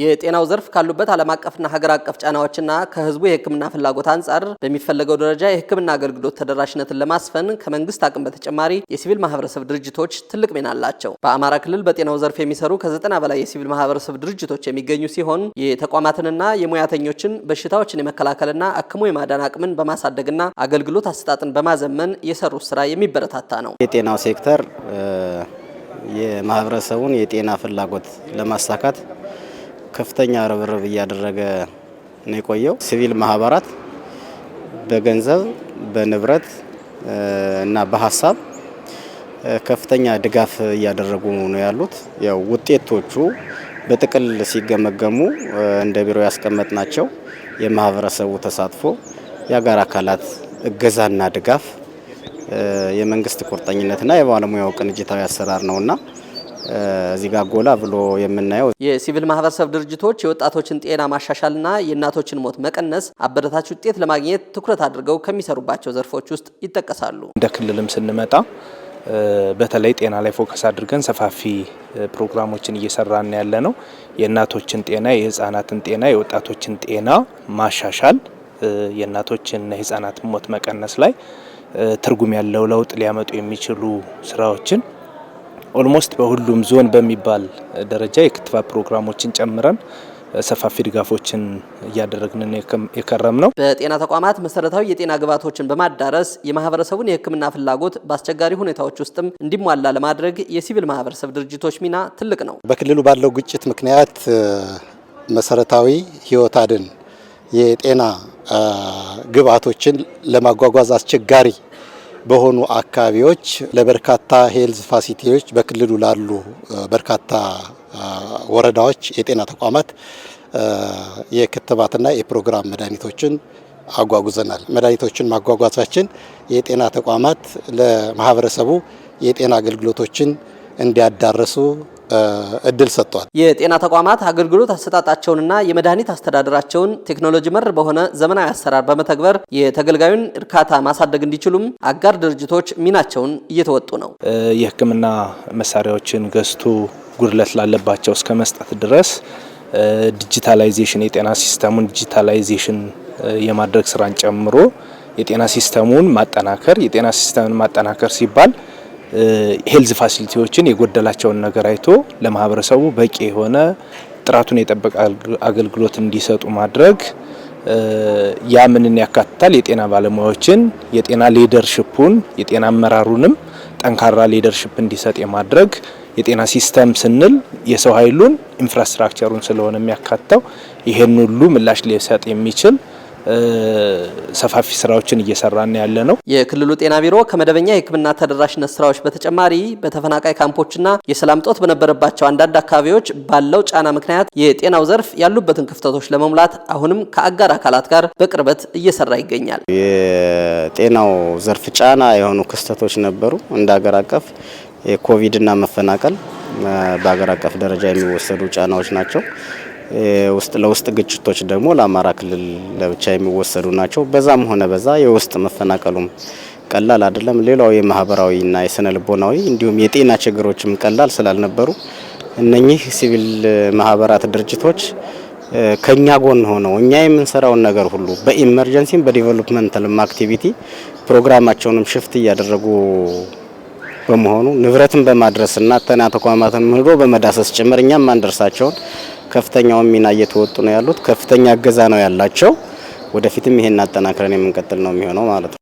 የጤናው ዘርፍ ካሉበት ዓለም አቀፍና ሀገር አቀፍ ጫናዎችና ከህዝቡ የህክምና ፍላጎት አንጻር በሚፈለገው ደረጃ የህክምና አገልግሎት ተደራሽነትን ለማስፈን ከመንግስት አቅም በተጨማሪ የሲቪል ማህበረሰብ ድርጅቶች ትልቅ ሚና አላቸው። በአማራ ክልል በጤናው ዘርፍ የሚሰሩ ከዘጠና በላይ የሲቪል ማህበረሰብ ድርጅቶች የሚገኙ ሲሆን የተቋማትንና የሙያተኞችን በሽታዎችን የመከላከልና አክሞ የማዳን አቅምን በማሳደግና አገልግሎት አሰጣጥን በማዘመን የሰሩት ስራ የሚበረታታ ነው። የጤናው ሴክተር የማህበረሰቡን የጤና ፍላጎት ለማሳካት ከፍተኛ ርብርብ እያደረገ ነው የቆየው። ሲቪል ማህበራት በገንዘብ በንብረት እና በሀሳብ ከፍተኛ ድጋፍ እያደረጉ ነው ያሉት። ያው ውጤቶቹ በጥቅል ሲገመገሙ እንደ ቢሮ ያስቀመጥ ናቸው የማህበረሰቡ ተሳትፎ፣ የአጋር አካላት እገዛና ድጋፍ፣ የመንግስት ቁርጠኝነትና የባለሙያው ቅንጅታዊ አሰራር ነውና እዚህ ጋር ጎላ ብሎ የምናየው የሲቪል ማህበረሰብ ድርጅቶች የወጣቶችን ጤና ማሻሻልና የእናቶችን ሞት መቀነስ አበረታች ውጤት ለማግኘት ትኩረት አድርገው ከሚሰሩባቸው ዘርፎች ውስጥ ይጠቀሳሉ። እንደ ክልልም ስንመጣ በተለይ ጤና ላይ ፎከስ አድርገን ሰፋፊ ፕሮግራሞችን እየሰራን ያለ ነው። የእናቶችን ጤና፣ የህፃናትን ጤና፣ የወጣቶችን ጤና ማሻሻል የእናቶችና የህፃናትን ሞት መቀነስ ላይ ትርጉም ያለው ለውጥ ሊያመጡ የሚችሉ ስራዎችን ኦልሞስት በሁሉም ዞን በሚባል ደረጃ የክትባት ፕሮግራሞችን ጨምረን ሰፋፊ ድጋፎችን እያደረግን የከረም ነው። በጤና ተቋማት መሰረታዊ የጤና ግብዓቶችን በማዳረስ የማህበረሰቡን የሕክምና ፍላጎት በአስቸጋሪ ሁኔታዎች ውስጥም እንዲሟላ ለማድረግ የሲቪል ማህበረሰብ ድርጅቶች ሚና ትልቅ ነው። በክልሉ ባለው ግጭት ምክንያት መሰረታዊ ሕይወት አድን የጤና ግብዓቶችን ለማጓጓዝ አስቸጋሪ በሆኑ አካባቢዎች ለበርካታ ሄልዝ ፋሲሊቲዎች በክልሉ ላሉ በርካታ ወረዳዎች የጤና ተቋማት የክትባትና የፕሮግራም መድኃኒቶችን አጓጉዘናል። መድኃኒቶችን ማጓጓዛችን የጤና ተቋማት ለማህበረሰቡ የጤና አገልግሎቶችን እንዲያዳረሱ እድል ሰጥቷል። የጤና ተቋማት አገልግሎት አሰጣጣቸውንና የመድኃኒት አስተዳደራቸውን ቴክኖሎጂ መር በሆነ ዘመናዊ አሰራር በመተግበር የተገልጋዩን እርካታ ማሳደግ እንዲችሉም አጋር ድርጅቶች ሚናቸውን እየተወጡ ነው። የሕክምና መሳሪያዎችን ገዝቶ ጉድለት ላለባቸው እስከ መስጠት ድረስ ዲጂታላይዜሽን የጤና ሲስተሙን ዲጂታላይዜሽን የማድረግ ስራን ጨምሮ የጤና ሲስተሙን ማጠናከር የጤና ሲስተምን ማጠናከር ሲባል ሄልዝ ፋሲሊቲዎችን የጎደላቸውን ነገር አይቶ ለማህበረሰቡ በቂ የሆነ ጥራቱን የጠበቀ አገልግሎት እንዲሰጡ ማድረግ ያ ምንን ያካትታል? የጤና ባለሙያዎችን፣ የጤና ሊደርሽፑን፣ የጤና አመራሩንም ጠንካራ ሊደርሽፕ እንዲሰጥ የማድረግ የጤና ሲስተም ስንል የሰው ኃይሉን ኢንፍራስትራክቸሩን ስለሆነ የሚያካተው ይህን ሁሉ ምላሽ ሊሰጥ የሚችል ሰፋፊ ስራዎችን እየሰራን ያለ ነው። የክልሉ ጤና ቢሮ ከመደበኛ የሕክምና ተደራሽነት ስራዎች በተጨማሪ በተፈናቃይ ካምፖችና የሰላም ጦት በነበረባቸው አንዳንድ አካባቢዎች ባለው ጫና ምክንያት የጤናው ዘርፍ ያሉበትን ክፍተቶች ለመሙላት አሁንም ከአጋር አካላት ጋር በቅርበት እየሰራ ይገኛል። የጤናው ዘርፍ ጫና የሆኑ ክስተቶች ነበሩ። እንደ ሀገር አቀፍ የኮቪድና መፈናቀል በሀገር አቀፍ ደረጃ የሚወሰዱ ጫናዎች ናቸው። ውስጥ ለውስጥ ግጭቶች ደግሞ ለአማራ ክልል ለብቻ የሚወሰዱ ናቸው። በዛም ሆነ በዛ የውስጥ መፈናቀሉም ቀላል አይደለም። ሌላው የማህበራዊና የስነ ልቦናዊ እንዲሁም የጤና ችግሮችም ቀላል ስላልነበሩ እነኚህ ሲቪል ማህበራት ድርጅቶች ከኛ ጎን ሆነው እኛ የምንሰራውን ነገር ሁሉ በኢመርጀንሲም በዲቨሎፕመንታልም አክቲቪቲ ፕሮግራማቸውንም ሽፍት እያደረጉ በመሆኑ ንብረትን በማድረስና ጤና ተቋማትን ምህዶ በመዳሰስ ጭምር እኛም አንደርሳቸውን ከፍተኛውን ሚና እየተወጡ ነው ያሉት። ከፍተኛ እገዛ ነው ያላቸው። ወደፊትም ይሄን አጠናክረን የምንቀጥል ነው የሚሆነው ማለት ነው።